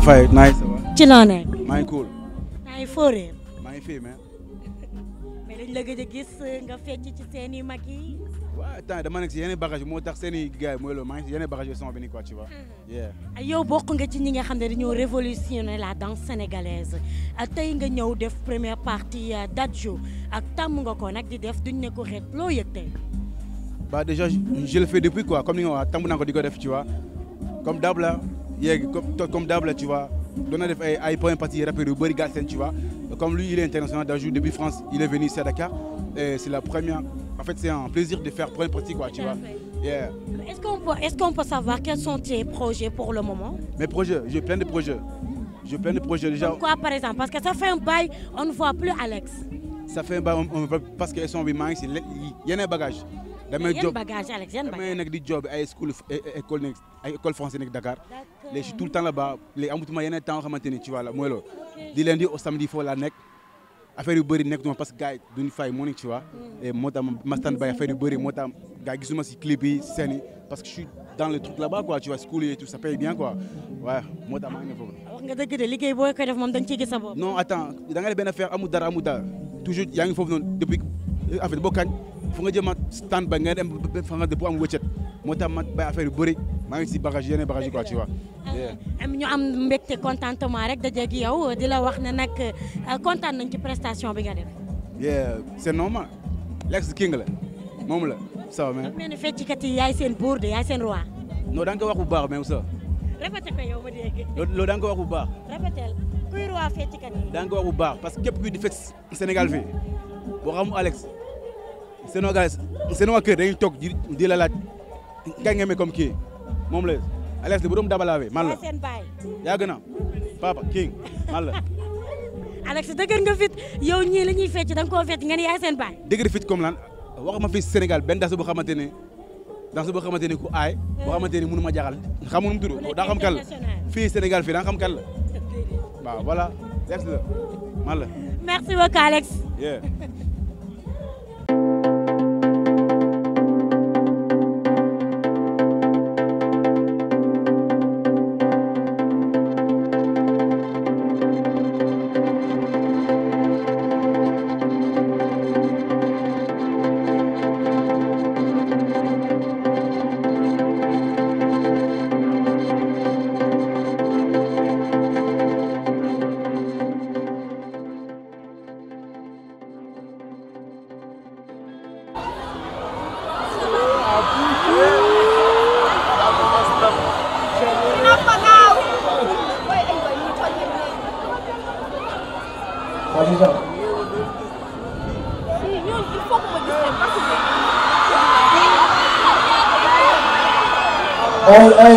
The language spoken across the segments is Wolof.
lay fay naay. ci loo nekk. maa ngi cool. maa ngi fóoree. maa ngi fii mais. mais dañ la gëj a gis nga fecc ci seen i mag yi. waaw temps dama nekk si yenn bagage moo tax seen i gars yi mooy loolu maa ngi si yenn bagage son bi ni quoi tu vois. Hmm. Ah, yow bokk nga ci ñi nga xam ne dañoo révolutionner la danse sénégalaise ah, tey nga ñëw def première partie ah, Dadju ak tam nga ko nag di def duñ ne ko xeet loo yëg tey. ba déjà je le fais depuis quoi comme ni nga wax tàmm naa ko di ko def ci vois comme dab la. yeeg comme comme Dabo la tu vois doon na def ay ay point parti rappeur yu bëri gàll seen tu vois comme lui il est international d'un jour depuis France il est venu ici à Dakar et c'est la première en fait c'est un plaisir de faire point parti quoi tu vois. Yeah. Est-ce qu'on peut est-ce qu'on peut savoir quels sont tes projets pour le moment? Mes projets, j'ai plein de projets. J'ai plein de projets déjà. Pourquoi par exemple? Parce que ça fait un bail, on ne voit plus Alex. ça fait ba on parce que son bi maa si yeneen bagage damay nekk di job ay school école nekk nekk Dakar léegi tout le temps là-bas léegi amatuma yeneen temps yoo xamante ni ci wàlla mooy loolu di lundi au samedi foofu nekk affaire yu bëri nekkatuma parce que gars fay moo nekk ci waa moo tax ma stand by affaire moo tax gars gisuma si clip yi scène yi dans le truc là-bas quoi tu vois school et tout ça paye bien quoi waaw moo tax maa ne foofu. wax nga dëgg de liggéey nga ciy gis sa bopp. toujours yaa ngi foofu noonu depuis euh, affaire boo kañ fu nga jëma stand ba nga dem fa nga bu am wëccet moo tax ma bay affaire yu bëri maa ngi si bagage yeneen bagage yi ko tu vois ah, am ñu am mbégte contentement rek dajeeg yow di la wax ne nag euh, kontaan nañ ci prestation bi nga def yeah c'est normal Lex King la moom la ça va mais mel ni feccikat yi yaay seen buur de yaay seen roi non da ko wax bu baax même ça répété ko yow ko wax bu baax kuy roi feccikat bu baax parce que képp kuy di fecc Sénégal fii boo xamu Alex seen waa gars seen waa kër dañuy toog di la laaj kañ nga kii moom la Alex de bu doon dabalaawee man la yaa gën a papa king man la. Alex dëgër nga fit yow ñii la ñuy fecc da nga koo fecc nga ni yaay seen baay. dëgër fit comme lan waxuma fi Sénégal benn boo xamante ne danse boo xamante ne ku aay boo ma ne mënu ma jaaxal xamu nu mu tudd daa xam kan la fii Sénégal fii daa xam kan la. waaw voilà merci la man la merci beaucoup Alex. Hey, hey,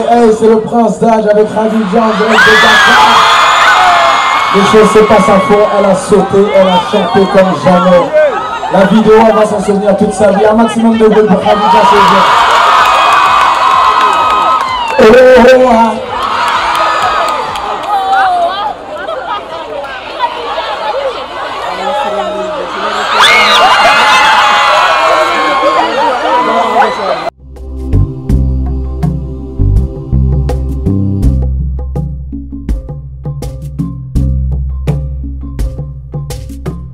hey, c'est le prince d'âge avec Khadija en direct de Dakar. Les choses se passent à elle a sauté, elle a chanté comme jamais. La vidéo, elle va s'en souvenir toute sa vie. Un maximum de bruit pour Khadija ce jour. Oh, oh, oh. Ah.